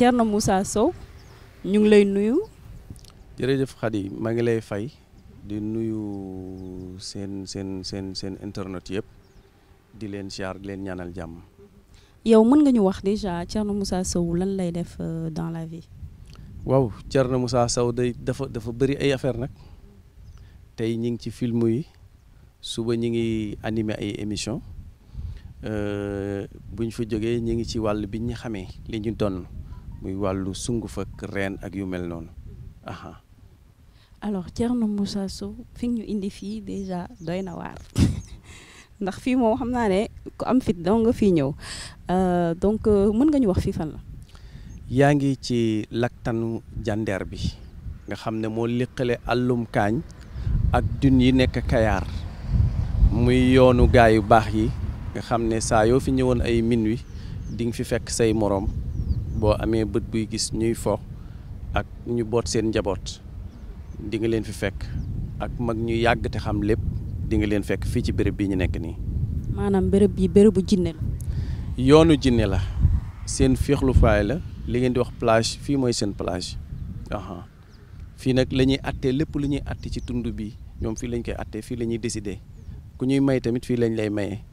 Thierno Moussa Sow ñu ngi lay nuyu. jërëjëf Khady maa ngi lay fay di nuyu seen seen seen seen internet yëpp di leen siyaar di leen ñaanal jàmm. yow mën nga ñu wax déjà Thierno Moussa Sow lan lay def euh, dans la vie. waaw na Moussa Sow day dafa dafa bëri ay affaire nag tey ñi ngi ci film yi suba ñi ngi animé ay émission euh, bu ñu fi jógee ñu ngi ci wàll bi ñu xamee li ñu doon muy wàllu sunguf ak reen ak yu mel noonu aha alors Thierno Moussa Sow fi ñu indi fii déjà doy na waar ndax fii moom xam naa ne ku am fit dong nga fi ñëw euh, donc euh, mën nga ñu wax fii fan la. yaa ngi ci laktanu jàndeer bi nga xam ne moo liqale àllum kaañ ak dun yi nekk kayaar muy yoonu gaay yu baax yi nga xam ne saa yoo fi ñëwoon ay min wi di nga fi fekk say moroom boo amee bët buy gis ñuy fo ak ñu boot seen njaboot di nga leen fi fekk ak mag ñu yàgg te xam lépp di nga leen fekk fii ci béréb bii ñu nekk nii. maanaam béréb bi bérébu jinne la. yoonu jinne la seen féexlu faay la li ngeen di wax plage fii mooy seen plage. fii nag lañuy ñuy àttee lépp lu ñuy àtte ci tund bi ñoom fii lañ koy àttee fii lañuy ñuy ku ñuy may tamit fii lañ lay maye.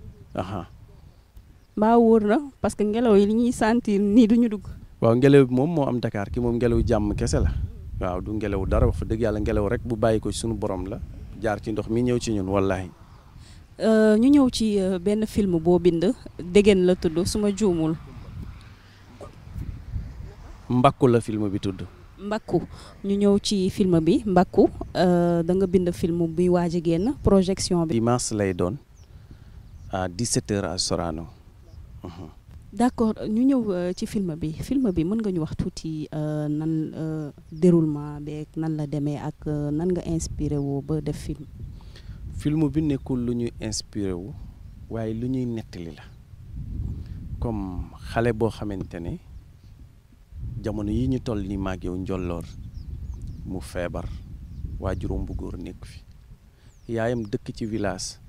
mbaa wóor na parce que ngelaw yi li ñuy sentir nii du ñu dugg. waaw ngelaw moom moo am Dakar ki moom ngelaw jàmm kese la waaw du ngelaw dara wax fa dëgg yàlla ngelaw rek bu bàyyi ko suñu borom la jaar ci ndox mi ñëw ci ñun wallahi euh, ñu ñëw ci euh, benn film boo bind déggeen la tudd su ma juumul. mbakku la film bi tudd. mbakku ñu ñëw ci film bi mbakku euh, da nga bind film bi waa a génn projection bi. dimanche lay doon à 17h à Sorano. d'accord ñu ñëw euh, ci film bi film bi mën nga ñu wax tuuti euh, nan euh, déroulement beeg nan la demee ak nan nga inspiré woo ba def film. film bi nekkul lu ñuy inspiré wu waaye lu ñuy nettali la comme xale boo xamante ne jamono yi ñu toll ni maag yow njolloor mu feebar waa bu góor nekk fi yaayam dëkk ci village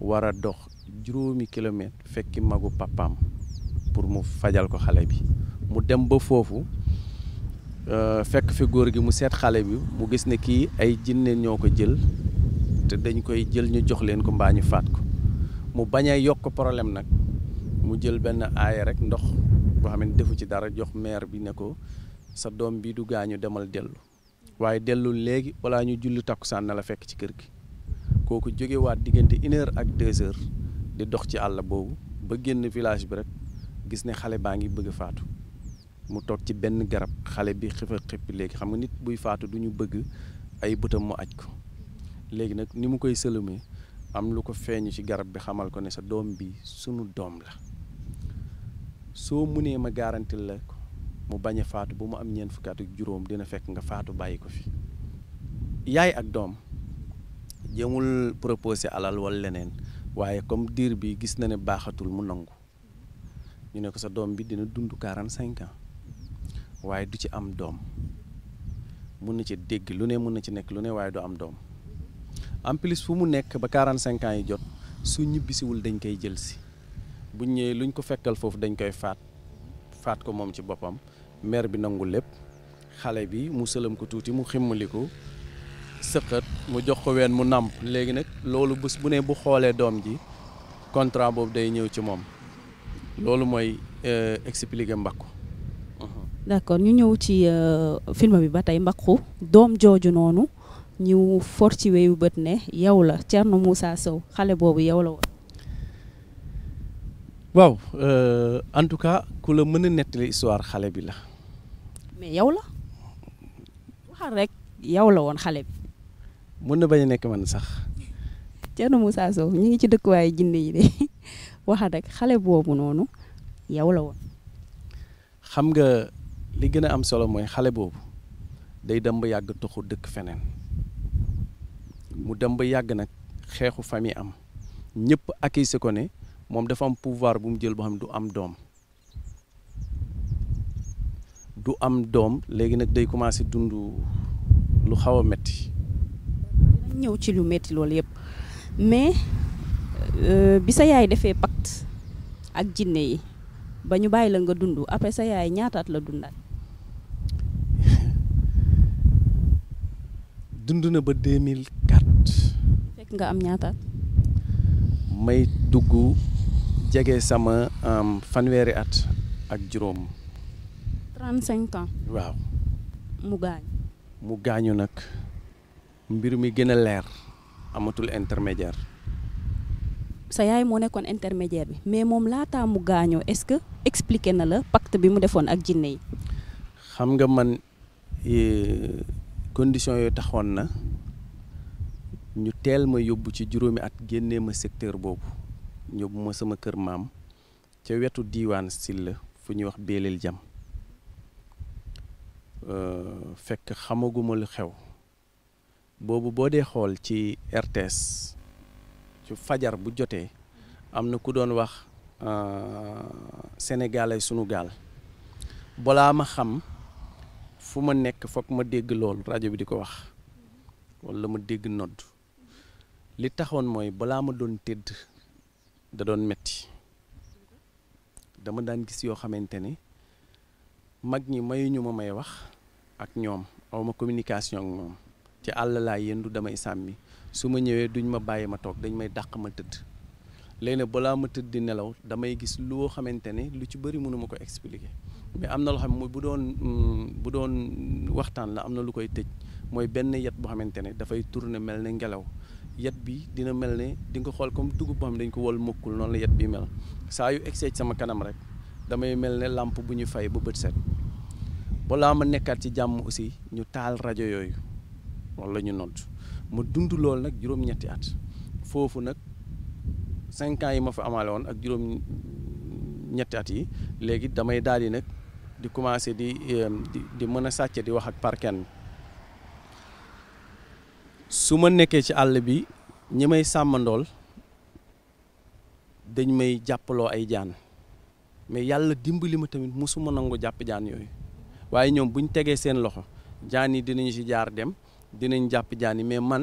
war a dox juróomi kilomètre fekki magu papaam pour mu fajal ko xale bi mu dem ba foofu euh, fekk fi góor gi mu seet xale bi mu gis ne kii ay jinne ñoo ko jël te dañ koy jël ñu jox leen ko mbaa ñu faat ko mu bañ a yokk problème nag mu jël benn aaya rek ndox boo xam ne defu ci dara jox maire bi ne ko sa doom bi du gaañu demal dellu waaye dellu léegi walla ñu julli takkusaan na la fekk ci kër gi kooku jógewaat diggante une heure ak deux heures di dox ci àll boobu ba génn village bi rek gis ne xale baa ngi bëgg faatu mu toog ci benn garab xale bi xifa xippi léegi xam nga nit buy faatu duñu bëgg ay bëtam mu aj ko léegi nag ni mu koy sëlëme am lu ko feeñu ci garab bi xamal ko ne sa doom bi sunu doom la soo munee ma garantil la ko mu bañ a faatu bu mu am ñeent fukki ak juróom dina fekk nga faatu bàyyi ko fi yaay ak doom jëmul proposé alal wala leneen waaye comme diir bi gis na ne baaxatul mu nangu ñu ne ko sa doom bi dina dund quarante cinq waaye du ci am doom mun na ci dégg lu ne mën na ci nekk lu ne waaye du am doom en plus fu mu nekk ba quarante cinq yi jot su ñibbisiwul dañ koy jël si buñ ñëwee luñ ko fekkal foofu dañ koy faat faat ko moom ci boppam mère bi nangu lépp xale bi mu sëlëm ko tuuti mu ximmaliku sëqët mu jox ko ween mu nàmp léegi nag loolu bu ne bu xoolee doom ji contrat boobu day ñëw ci moom loolu mooy euh, expliquer mbakku uh-huh. d'accord ñu ñëw ci euh, film bi ba tey mbakku doom jooju noonu ñu for ci weyu bët ne yow la Thierno Moussa Sow xale boobu yow la woon waaw euh, en tout cas ku la mën a nettali histoire xale bi la mais yow la waxal rek yow la woon xale bi mën na bañ a nekk man sax. Thierno Moussa Sow ñu ngi ci dëkkuwaayu jinne yi de waxa xale boobu noonu yow la woon. xam nga li gën a am solo mooy xale boobu day dem ba yàgg toxu dëkk feneen mu dem ba yàgg nag xeexu fami am ñëpp accusé ko ne moom dafa am pouvoir bu mu jël boo xam ne du am doom. du am doom léegi nag day commencé dund lu xaw a metti ñëw ci lu metti loolu yëpp mais euh, bi sa yaay defee pacte ak jinne yi ba ñu bàyyi la nga dund après sa yaay ñaataat la dund dundaat dund na ba 2004. fekk nga am ñaataat may dugg jege sama fanweeri at ak juróom 35 ans waaw mu gaañu nag mbir mi gën a leer amatul intermédiaire. sa yaay moo nekkoon intermédiaire bi mais moom laataa mu gaañoo est-ce que expliqué na la pacte bi mu defoon ak jinne yi. xam nga man condition yooyu taxoon na ñu teel ma yóbbu ci juróomi ak génnee ma secteur boobu yóbbu ma sama kër maam ca wetu diiwaan Silla fu ñuy wax Belel Jam euh, fekk xamaguma lu xew. boobu boo dee xool ci RTS ci fajar bu jotee am na ku doon wax euh, Sénégal ay sunu gaal balaa ma xam fu ma nekk foog ma dégg lool rajo bi di ko wax walla ma dégg nodd li taxoon mooy balaa ma doon tëdd da doon metti dama daan gis yoo xamante ne mag ñi mayuñu ma may wax ak ñoom aw ma communication ak moom ci àll laa yendu damay sàmmi su ma ñëwee duñ ma bàyyi ma toog dañ may dàq ma tëdd léegi nag balaa ma tëdd di nelaw damay gis loo xamante ne lu ci bëri mënuma ko expliquer mais am na loo xam ne bu doon mm, bu doon waxtaan la am na lu koy tëj mooy benn yat boo xamante ne dafay tourner mel ne ngelaw yet bi dina mel ne di nga xool comme dugub boo xam dañ ko wol mokkul noonu la yat bi mel saa yu egseeg sama kanam rek damay mel ne làmp bu ñu fay ba bët set balaa ma nekkaat ci jàmm aussi ñu taal rajo yooyu wala ñu nodd ma dund loolu nag juróom-ñetti at foofu nag cinq yi ma fa amaale woon ak juróom-ñetti at yi léegi damay daal di nag di commencer di di mën a sàcce di wax ak parken su ma nekkee ci àll bi ñi may sàmmandool dañ may jàppaloo ay jaan mais yàlla dimbali ma tamit musuma nangu jàpp jaan yooyu waaye ñoom bu ñu tegee seen loxo jaan yi dinañu ci jaar dem dinañ japp jani mais man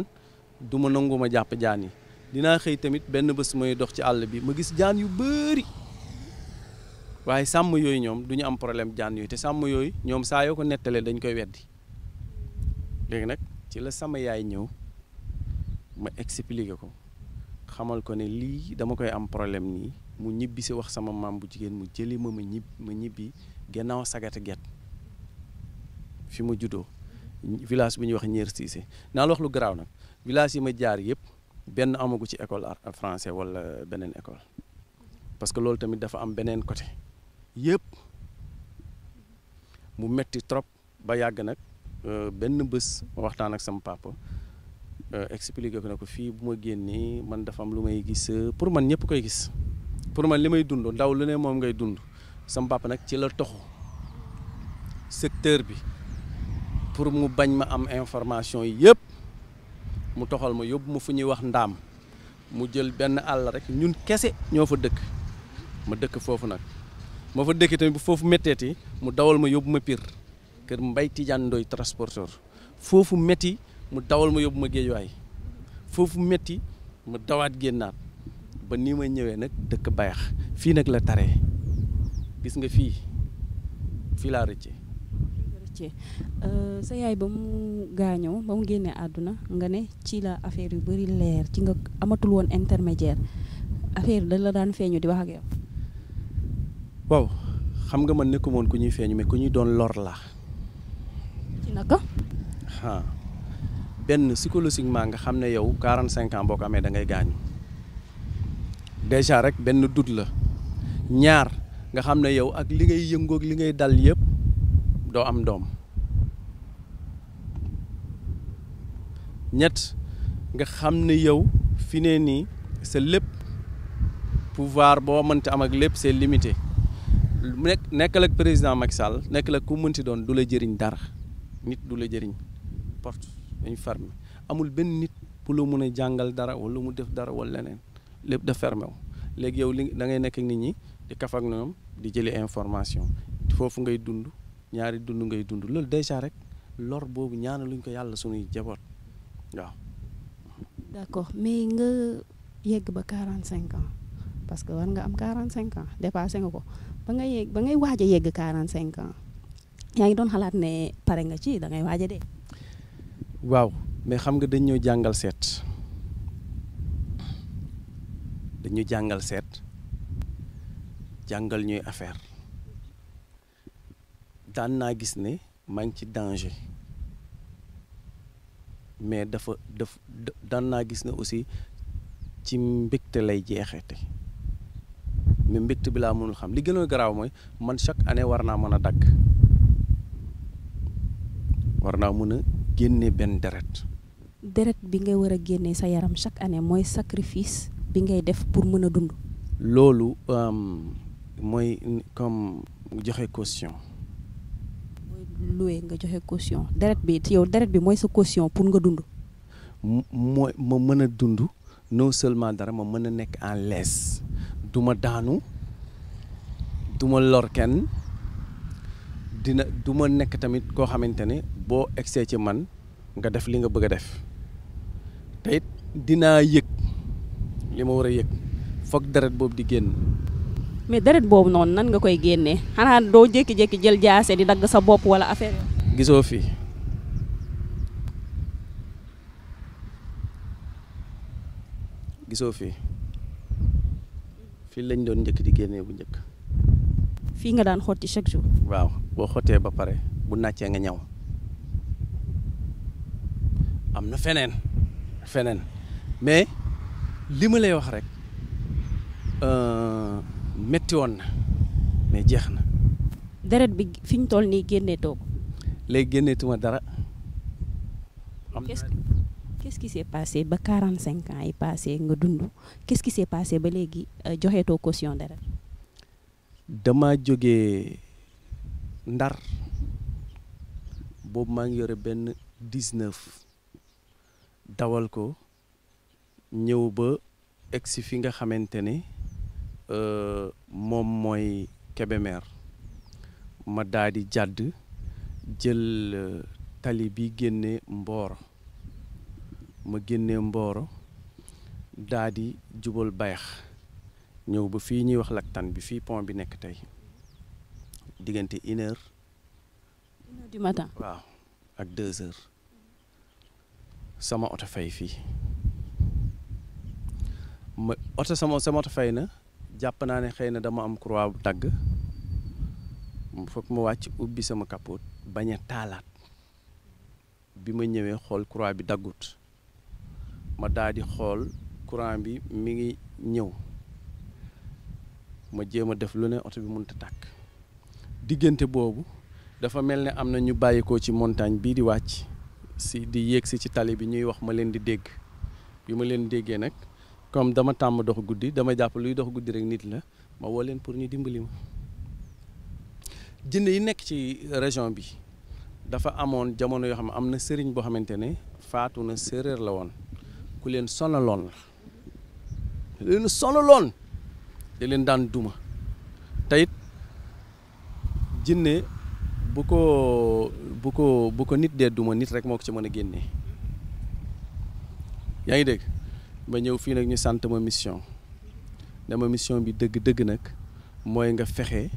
duma nanguma japp jani dina xey tamit benn bëss mooy dox ci all bi ma gis jaan yu bëri waye sam yoy ñom duñu am problème jaan yoy te sam yoy ñom sa yoko ko dañ koy weddi légui nak ci la sama yaay ñew ma expliquer ko xamal ko ne li dama koy am problème ni, mu ñibbi ci wax sama mam bu jigen mu jëli ma ma ñib ma ñibbi sagata get fi mu juddoo village bu ñu wax Ñeer cissé na la wax lu graw nak village yi ma jaar yépp ben amagu ci école français wala benen école parce que loolu tamit dafa am benen côté yépp mu metti trop ba yag nak euh, ben bëss waxtaan ak sama papa euh, expliquer ko nak fi bu ma génné man dafa am lu may gis euh, pour man ñëpp koy gis pour man limay dund ndaw lu né mom ngay dund sama papa nak ci la secteur bi pour mu bañ ma am information yi yëpp mu toxal ma yóbbu ma fu ñuy wax ndaam mu jël benn àll rek ñun kese ñoo fa dëkk ma dëkk foofu nag ma fa dëkk tamit bu foofu métteeti mu dawal ma yóbbu ma Pire kër Mbay Tijaan Ndoy transporteur foofu metti mu dawal ma yóbbu ma Géejuwaay foofu métti mu dawaat génnaat ba nii may ñëwee nag dëkk bayax fii nag la tare gis nga fii fi laa rëcce métier euh, sa yaay ba mu gaañoo ba mu génnee àdduna nga ne ci la affaire yu bëri leer ci nga amatul woon intermédiaire affaire da la daan feeñu di wax ak yow. waaw xam nga man nekkuma woon ku ñuy feeñu mais ku ñuy doon lor la ci naka. ah benn psychologiquement nga xam ne yow 45 cinquant boo ko amee da ngay gaañu déjà rek benn dut la ñaar. nga xam ne yow ak li ngay yëngoog li ngay dal yëpp doo am doom ñett nga xam ne yow fi ne nii sa lépp pouvoir boo mënta am ak lépp c'est limité nekk nekkal ak président Macky Sall nekkal ak ku mënti doon du la jëriñ dara nit du la jëriñ porte dañu fermé amul benn nit pour la mun a jàngal dara wala mu def dara wala leneen lépp da fermé léegi yow li da ngay nekk nit ñi di kaf ak di jëli information foofu ngay dund ñaari dund ngay dund loolu déjà rek lor boobu luñ ko yàlla suñuy jaboot waaw. d'accord mais nga yegg ba 45 ans parce que war nga am 45 ans dépassé nga ko ba nga yegg ba ngay waaj a yegg 45 ans yaa ngi doon xalaat ne pare nga ci da ngay waaj a dee. waaw mais xam nga dañ ñoo jàngal seet dañuy jàngal seet jàngal ñuy affaire. gis ne maa danger mais dafa daf daan gis aussi ci mbégte lay mais bi mënul xam li man chaque année war naa a dagg war naa mën a bi ngay war chaque année mooy sacrifice bi ngay def pour mën a dund euh, comme caution loué nga joxe caution deret bi yow deret bi mooy sa caution pour nga dund. mooy ma mën a dund non seulement dara ma mën a nekk en l'aise duma ma daanu du ma lor kenn dina du ma nekk tamit koo xamante ne boo egsee ci man nga def li nga bëgg a def te dinaa yëg li ma war a yëg foog deret boobu di génn mais deret boobu noonu nan nga koy génnee xanaa doo jékki-jékki jël jaase di dagg sa bopp wala affaire gisoo fii gisoo fii fii lañ doon njëkk di génne bu njëkk fii nga daan xotti chaque jour waaw boo xottee ba pare bu nàccee nga ñaw am na feneen feneen mais li ma lay wax rek euh, métti woon na mais jeex na. deret bi fi ñu toll nii génneetoo toog lay génneetuma dara. am na quest ba 45 ans yi passé nga dund qu'est-ce qui s'est passé ba léegi euh, joxeetoo caution dara. dama jógee ndar boobu maa ngi yore benn 19 dawal ko ñëw ba egsi fi nga xamante ne. moom mooy Kébémer ma daadi jàdd jël euh, tali bi génne Mboro ma génne mbooro daadi jubal bayax ñëw ba fii ñuy wax laktan bi fii pont bi nekk tey diggante une heure ak deux heures sama oto fay fii ma oto sama sama oto fay na jàpp naa ne xëy na dama am croix bu dagg foog ma wàcc ubbi sama capot bañ a taalaat bi ma ñëwee xool croix bi daggut ma daal di xool courant bi mi ngi ñëw ma jéem a def lu ne oto bi mënut a tàkk diggante boobu dafa mel ne am na ñu bàyyikoo ci montagne bii di wàcc si di yéeg si ci tali bi ñuy wax ma leen di dégg bi ma leen déggee nag. comme dama tam dox guddi dama japp luy dox guddi rek nit la ma wo len pour ñu dimbali ma jinne yi nek ci région bi dafa amone jamono yo xam amna serigne bo xamantene fatou na serer la won ku len sonalon la duma tayit jinne bu ko bu ko bu ko nit de duma nit rek moko ci meuna genné génnee deg ba ñëw fii nag ñu sant ma mission dama mission bi dëgg-dëgg nag mooy nga fexe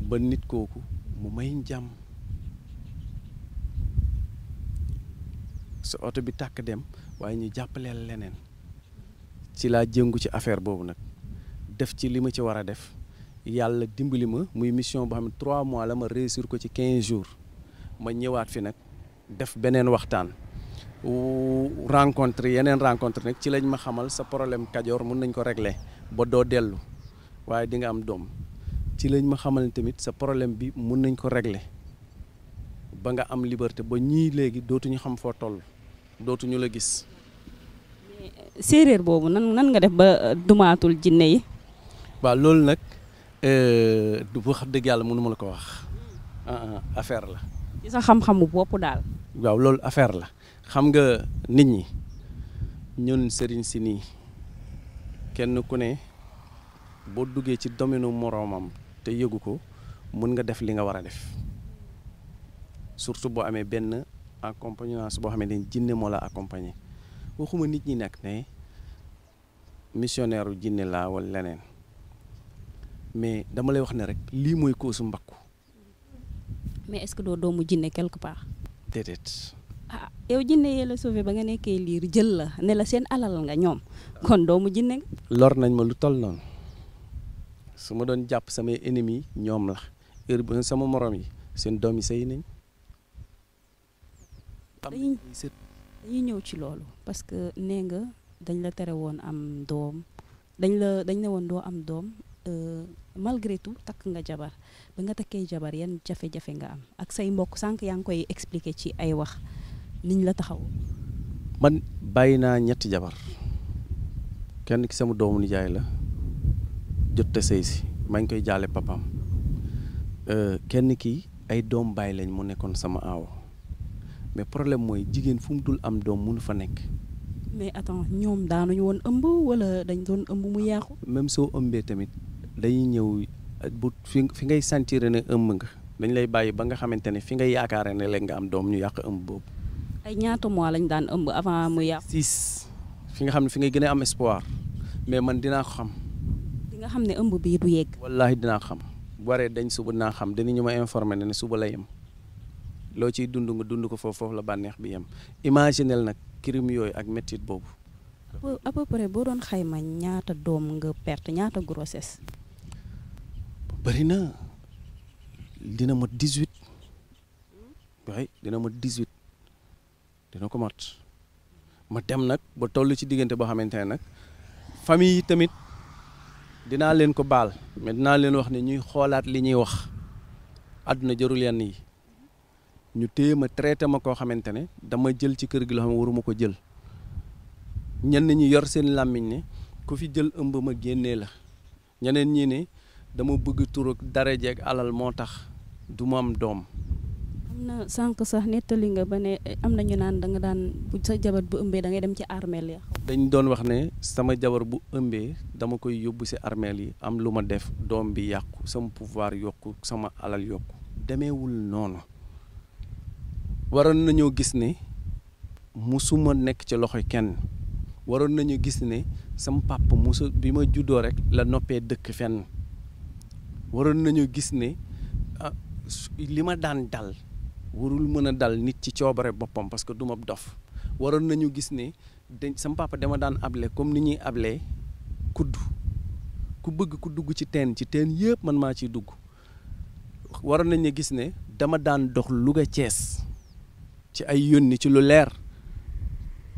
ba nit kooku mu may jàmm sa oto bi tàkk dem waaye ñu jàppaleel leneen ci laa jëngu ci affaire boobu nag def ci li ma ci war a def yàlla dimbali ma muy mission boo xam ne trois mois la ma réussir ko ci quinze jours ma ñëwaat fi nag def beneen waxtaan rencontre yenen rencontre nek ci lañ ma xamal sa problème kajoor mën nañ ko régler ba do delu waye di nga am dom. ci lañ ma xamal tamit sa problème bi mën nañ ko régler ba nga am liberté ba légui dootu ñu xam fo toll ñu la gis euh, séeréer bobu nan nan nga def ba euh, dumatul jinné yi waaw loolu nag du euh, wax dëgg yàlla mënuma la ko wax ah, ah, affaire la ci sa xam-xamu bop dal waaw affaire la xam nga nit ñi ñun sëriñ si nii kenn ku ne boo duggee ci domaine moroomam te yëgu ko mën nga def li nga war a def surtout boo amee benn accompagnance boo xam ne jinne moo la accompagner waxuma nit ñi nag ne missionnaire u jinne laa wala leneen mais dama lay wax ne rek lii mooy koosu mbakku mais est-ce que doo doomu jinne quelque part déedéet Ah, yow jinne yela la sauvé ba nga nekké lir jël la ne la sen alal nga ñom kon doomu jinne lor nañ ma lu toll non suma ma doon jàpp samay ennemi ñom la heure bu sama morom yi sen doom sey sëy nañ dañuy ñew ci loolu parce que nee nga dañ la tere woon am doom dañ la dañ ne woon doo am doom euh, malgré tout takk nga jabar ba nga takkee jabar yan jafe-jafe nga am ak say mbokk sànq yaa ngi koy expliquer ci ay wax niñ la taxaw man bàyyi naa ñetti jabar kenn ki sama doomu nijaay la jot te sëy si maa ngi koy jaale papaam euh, kenn ki ay doom bàyyi lañ mu nekkoon sama aawo mais problème mooy jigéen fu mu dul am doom mënu fa nekk mais attends ñoom daanuñu woon ëmb wala dañ doon ëmb mu yàqu même soo ëmbee tamit dañuy ñëw bu fi fi ngay sentir ne ëmb nga dañ lay bàyyi ba nga xamante ne fi ngay yaakaare ne léegi nga am doom ñu yàq ëmb boobu ay ñaata mois lañ daan ëmb avant mu yàqu. fi nga xam ne fi ngay gën am espoir mais man dinaa ko xam. di nga xam ne ëmb bii du yegg. wallaahi dinaa xam bu waree dañ suba dinaa xam dinañu ma informé ne suba la yem loo ciy dund nga dund ko foofu foofu la bànneex bi yem imaginel nag crime yooyu ak métit boobu. à peu boo doon xayma ñaata doom nga perte ñaata grossesse. bëri na dina mot dix huit. waaye dina mot dix huit. dina ko mat ma dem nag ba toll ci diggante boo xamante ne nag famille yi tamit dinaa leen ko baal mais dinaa leen wax ne ñuy xoolaat li ñuy wax àdduna jarul yenn yi ñu téye ma traité ma koo xamante ne dama jël ci kër gi loo xam ne waruma ko jël ñenn ñi yor seen làmmiñ ne ku fi jël ëmb ma génnee la ñeneen ñi ne dama bëgg tur ak dara jeeg alal moo tax du ma am doom am na sax nettali nga ba ne eh, am na ñu naan da nga daan bu sa jabar bu ëmbee da ngay dem ci ya dañ doon wax ne sama jabar bu embe, dama koy yóbbu si armel yi am luma def dom bi yàqu sama pouvoir yokku sama alal yokku wul noonu waroon nañoo gis ne musuma nek ci loxoy kenn waroon nañu gis ne sama pàpp musu bi ma juddoo rek la noppee dëkk fenn waroon nañu gis ne ah, li ma dal warul mën a dal nit ci coobare boppam parce que du ma dof waroon nañu gis ne dañ sama dama daan able comme ni ñuy ablee kudd ku bëgg ku dugg ci teen ci teen yëpp man maa ciy dugg waroon nañu gis ne dama daan dox Louga cees ci ay yónni ci lu leer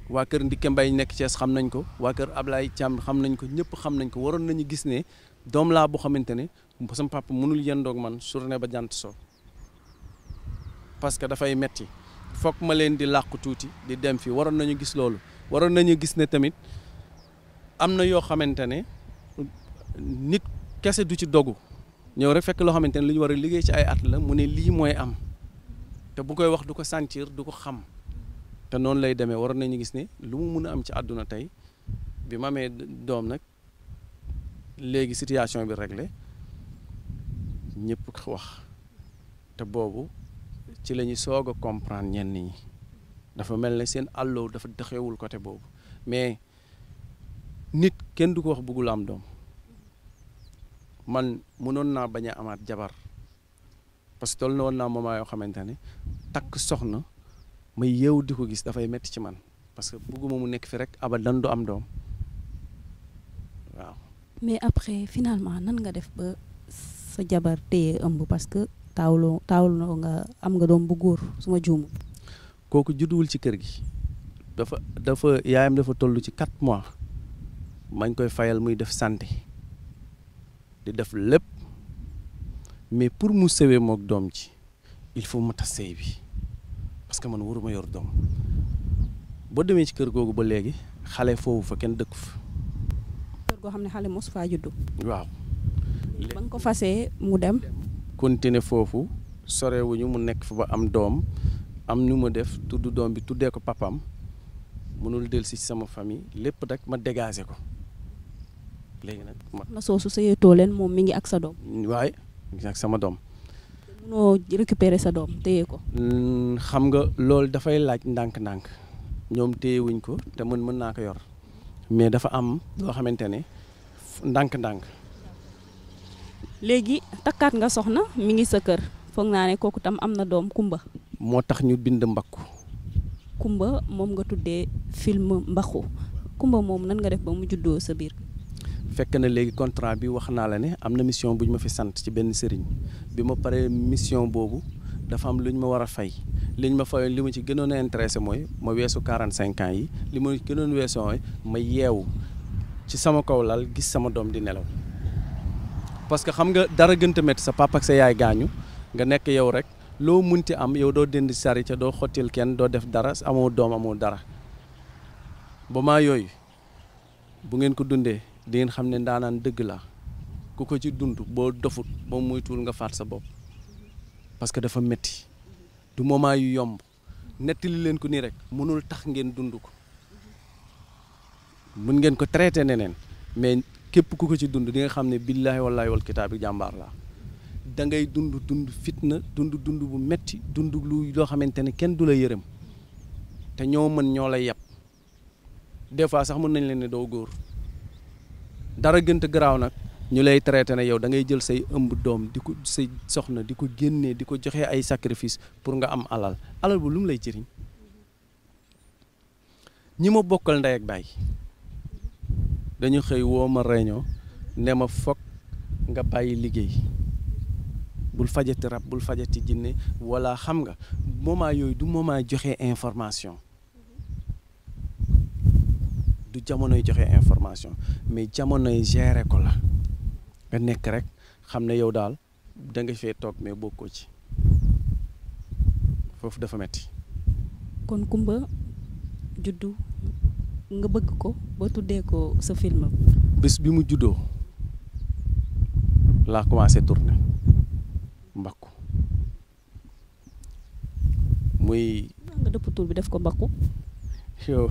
waa kër Ndike Mbaye nekk Thiès xam nañ ko waa kër Ablaye Thiam xam nañ ko ñëpp xam nañ ko waroon nañu gis ne doom laa boo xamante ne sama mënul mënul doog man journée ba jant soo parce que dafay metti foog ma leen di làqu tuuti di dem fii waroon nañu gis loolu waroon nañu gis ne tamit am na yoo xamante ne nit kese du ci dogu ñëw rek fekk loo xamante ne lu ñu war a liggéey ci ay at la mu ne lii mooy am te bu koy wax du ko sentir du ko xam te noonu lay demee waroon nañu gis ne lu mu mun a am ci àdduna tey bi ma amee doom nag léegi situation bi réglé ñëpp wax te boobu ci la ñu soog a comprendre ñenn ñi dafa mel ne seen àlloo dafa dëxewul côté boobu mais nit kenn du ko wax bëggul am doom man mënoon naa bañ a amaat jabar parce que toll na woon naa moment yoo xamante ne takk soxna may yeewu di ko gis dafay metti ci man parce que bëgguma mu nekk fi rek abadan du am doom waaw. mais après finalement nan nga def ba sa jabar téye ëmb parce taawuloo taawuloo nga am nga doom bu góor suma ma kooku judduwul ci kër gi dafa dafa yaayam dafa tollu ci quatre mois mañ koy fayal muy def sante di def lépp mais pour mu sewee mook doom ji il faut ma tas bi parce que man waruma yor doom boo demee ci kër googu ba léegi xale foofu fa kenn dëkku fa. kër goo xam ne xale mosu faa juddu. waaw. ba nga ko fasee mu dem. continuer foofu sorewuñu mu nekk fa ba am doom am ñu ma def tudd doom bi tuddee ko papam mënul dellu si sama famille lépp rek ma dégager ko léegi nag. na soo su sëyeetoo leen moom mi ngi ak sa doom. waaye ngi ak sama doom. munoo récupérer sa doom téye ko. Mm, xam nga loolu dafay laaj ndànk-ndànk ñoom téyewuñ ko te mën mën naa ko yor mais dafa am loo xamante ne ndànk-ndànk. léegi takkaat nga soxna mi ngi sa kër foog naa ne kooku tam am na doom kumba moo tax ñu bind mbakku kumba moom nga tuddee film mbaxu kumba moom nan nga def ba mu juddoo sa biir fekk na léegi contrat bi wax naa la ne am na mission bu ñu ma fi sant ci benn sëriñ bi ma paree mission boobu dafa am lu ñu ma war a fay li ñu ma fayoon li ma ci gënoon a intéressé mooy ma weesu 45 ans yi li ma gënoon weesoo ma yeewu ci sama kaw lal gis sama doom di nelaw parce que xam nga dara gën a sa papa sa yaay gaañu nga nekk yow rek loo munti am yow doo dend sari ca doo xottil kenn doo def dara amoo doom amoo dara ba maa yooyu bu ngeen ko dundee di ngeen xam ne ndaanaan dëgg la ku ko ci dund boo dofut boo muytuwul nga faat sa bopp parce que dafa métti du moment yu yomb nettili leen ko nii rek mënul tax ngeen dund ko mën ngeen ko traité neneen mais képp ku ko ci dund di nga xam ne billaahi wallaahi wal kitaab bi jàmbaar laa da ngay dund dund fitna dund dund bu metti dund lu loo xamante ne kenn du la yërëm te ñoo mën ñoo la yàpp des fois sax mën nañ leen ne doo góor dara gënt garaaw nag ñu lay traité na yow da ngay jël say ëmb doom di ko sa soxna di ko génnee di ko joxe ay sacrifice pour nga am alal alal bu lu mu lay jëriñ ñi ma bokkal ndey ak baay dañu xëy woo ma réunion ne ma foog nga bàyyi liggéey bul fajati rab bul fajati jinne wala xam nga moment yooyu du moment joxe information du jamonoy joxe information mais jamonoy gérer ko la nga nekk rek xam ne yow daal danga nga fee toog mais bokkoo ci foofu dafa metti kon kumba juddu nga bëgg ko ba tuddee ko sa film bis bi mu juddoo laa commencé tourner mbakku muy nga dëpp tour bi def ko mbakku yo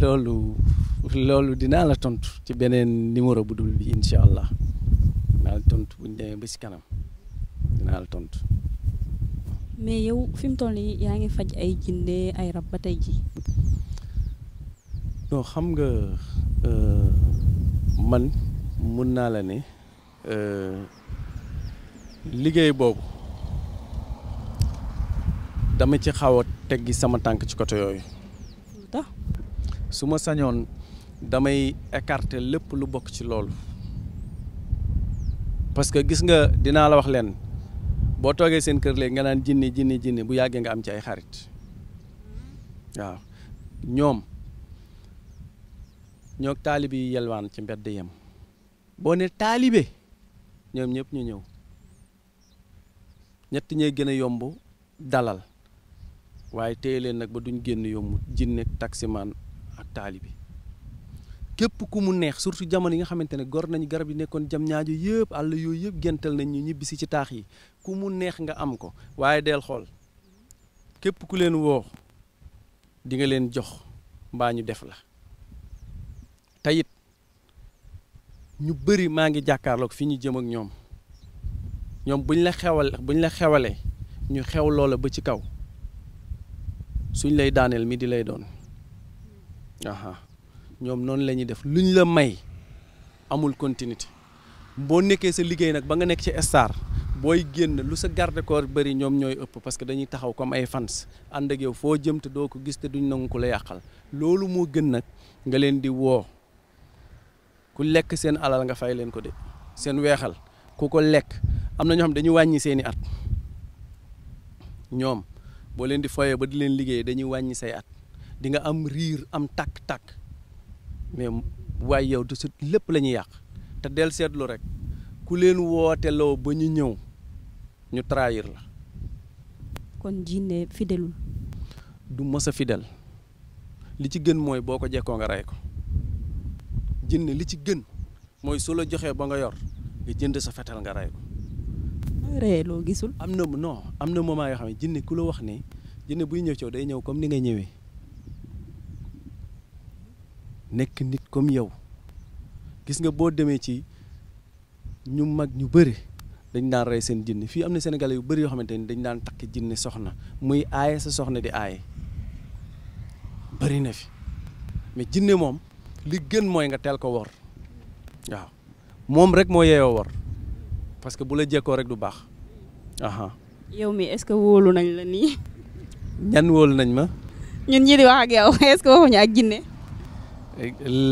loolu loolu dinaa la tontu ci beneen numéro bu dul bi incha allah dinaa la tontu buñ demee ba kanam dinaa la tontu mais yow fi mu toll nii yaa ngi faj ay jinde ay rab ba tey ji non xam nga euh, man mun naa la ne euh, liggéey boobu dama ci xaw a teggi sama tànk ci côté yooyu su ma sañoon damay écarter lépp lu bokk ci loolu parce que gis nga dinaa la wax leen bo toge sen keur léegi nga nan jinni jinni jinni bu yagge nga am ci ay xarit waaw ñom ñok talibi yelwan ci mbedd yam bo ne talibé ñom ñep ñu ñew ñet ñee gëna a yomb dalal waye teyelen nak ba duñu genn yomb jinne taximaan ak talibi képp ku mu neex surtout jamono yi nga xamante ne gor nañu garab yi nekkoon jam ñaajo yëpp àll yooyu yëpp gental nañ ñu ñibbi si ci taax yi ku mu neex nga am ko waaye del xool képp ku leen woo di nga leen jox mbaa ñu def la tayit ñu bëri maa ngi jàkkaarloog fi ñu jëm ak ñoom ñoom buñ la xewal buñ la xewalee ñu xew loola ba ci kaw suñ lay daaneel mi di lay doon aha ñoom noonu la ñuy def lu ñu la may amul continuité boo nekkee sa liggéey nag ba nga nekk ci star booy génn lu sa garde corps bëri ñoom ñooy ëpp parce que dañuy taxaw comme ay fans ànd ak yow foo jëm te doo ko gis te duñ nangu ko la yàqal loolu moo gën nag nga leen di woo ku lekk seen alal nga fay leen ko de seen weexal ku ko lekk am na ñoo xam dañuy wàññi seeni at ñoom boo leen di foyee ba di leen liggéey dañuy wàññi say at di nga am riir am tàkk-tàkk mais waaye yow de suite lépp la yàq te del seetlu rek ku leen wooteloo ba ñu ñëw ñu trahir la. kon jinne fidelul du mës a li ci gën mooy boo ko jekkoo nga rey ko jinne li ci gën mooy su la joxee ba nga yor nga jënd sa fetal nga rey ko. reyee loo gisul. am na non am na moment yoo xam ne jinne ku la wax ne jinne buy ñëw coow day ñëw comme ni ngay ñëwee. nekk nit comme yow gis nga boo demee ci ñu mag ñu bari dañ daan rey seen jinne fii am na sénégalais yu bari yoo xamante ni dañ daan takk jinne soxna muy aaye sa soxna di aaye bari na fi mais jinne moom li gën mooy nga teel ko wor waaw moom rek moo yeeyoo wor parce que bu la jekkoo rek du baax yow mi est-ce que wóolu nañ la nii ñan wóolu nañ ma ñun ñi di wax ak yow est waxuñu ak jinne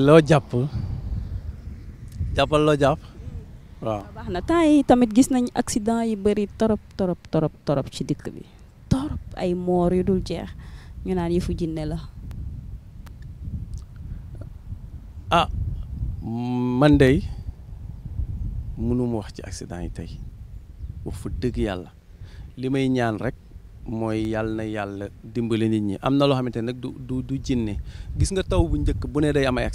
loo jàpp jàppal loo jàpp waaw. baax na temps yi tamit gis nañ accident yi bëri torop torop torop torop ci dikk bi torop ay moor yu dul jeex ñu naan yi fu jinne la. a ah, man dey mënuma wax ci accident yi tey wax fa dëgg yàlla li may ñaan rek. mooy yàlla na yàlla dimbali nit ñi am na loo xamante ne nag du du du jinne gis nga taw bu njëkk bu ne day am ay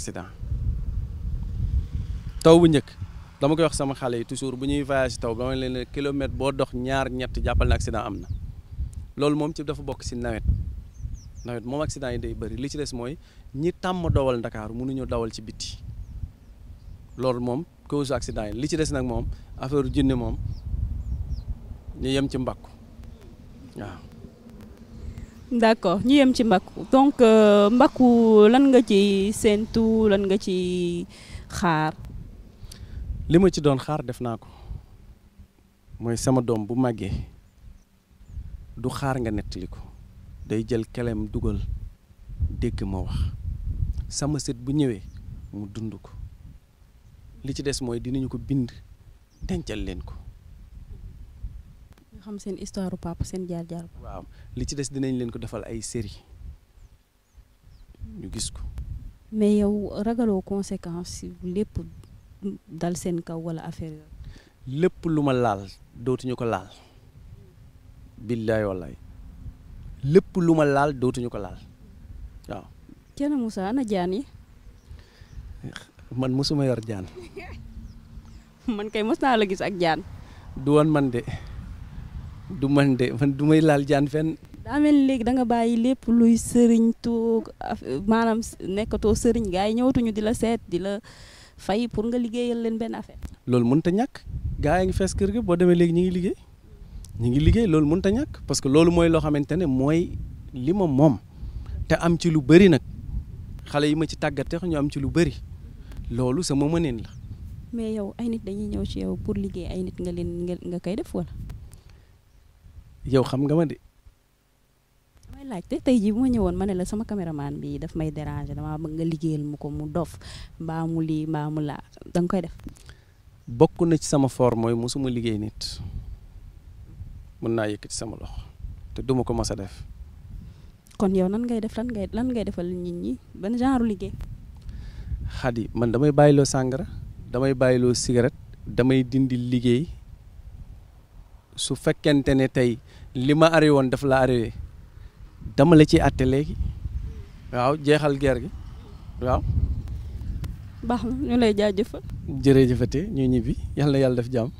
taw bu njëkk dama koy wax sama xale yi toujours bu ñuy voyage taw dama leen ne boo dox ñaar ñett jàppal na accident am na loolu moom ci dafa bokk si nawet nawet moom accident yi day bëri li ci des mooy ñi tàmm dawal Ndakaaru mënuñu dawal ci bitti loolu moom cause accident yi li ci des nag moom affaire jinne moom ñu yem ci mbàkku waaw. Ah. d' accord ñu ci mbakku donc euh, mbakku lan nga ci séentu lan nga ci xaar. li ma ci doon xaar def naa ko mooy sama doom bu màggee du xaar nga nettali ko day jël kelem dugal dégg ma wax sama set bu ñëwee mu dund ko li ci des mooy dinañu ko bind dencal leen ko. xam seen histoire papa seen jaar jaar waaw li ci des dinañ leen ko defal ay série ñu gis ko mais yow ragaloo conséquence lépp dal seen kaw wala affaire yooyu lépp lu ma laal dootuñu ko laal billaay wallaay lépp lu ma laal dootuñu ko laal waaw Thierno Moussa ana jaan yi man mosuma yor jaan man kay mos naa la gis ak jaan du woon man de du man de man du may laal jan fen da mel leg da nga bayyi lepp luy sëriñ toog manam nekato sëriñ gay ñewatu ñu di la dila fay pour nga liggeyal len ben affaire. lol mën ta ñak gars nga fess fees kër ga boo demee léegi ñu ngi liggey ñi ngi liggey lol mën ta ñak parce que lol moy lo xamantene moy lima mom te am ci lu bari nak xalé yi ma ci ñu am ci lu bari lolou sama la. mais yow ay nit dañuy ñew ci yow pour liggey ay nit nga len nga kay def wala. yow xam nga ma de. damay te tey jii bu ma ñëwoon ma ne la sama caméraman bi daf may déranger damaa bëgg nga liggéeyal mu ko mu dof mbaa lii mbaa mu koy def. bokk na ci sama for mooy mosuma liggéey nit mën naa sama loxo te duma ko mas a def. kon yow nan ngay def lan lan ngay defal nit ñi ban genre liggéey. xadi man damay bàyyiloo sàngara damay bàyyiloo cigarette damay dindi liggéey su fekkente ne tey li ma arrivé woon daf la arrivé dama la ci àtte léegi waaw jeexal guerre gi waaw. baax na ñu lay jaajëfal. jërëjëfate ñu ñibbi yàlla na yàlla def jàmm.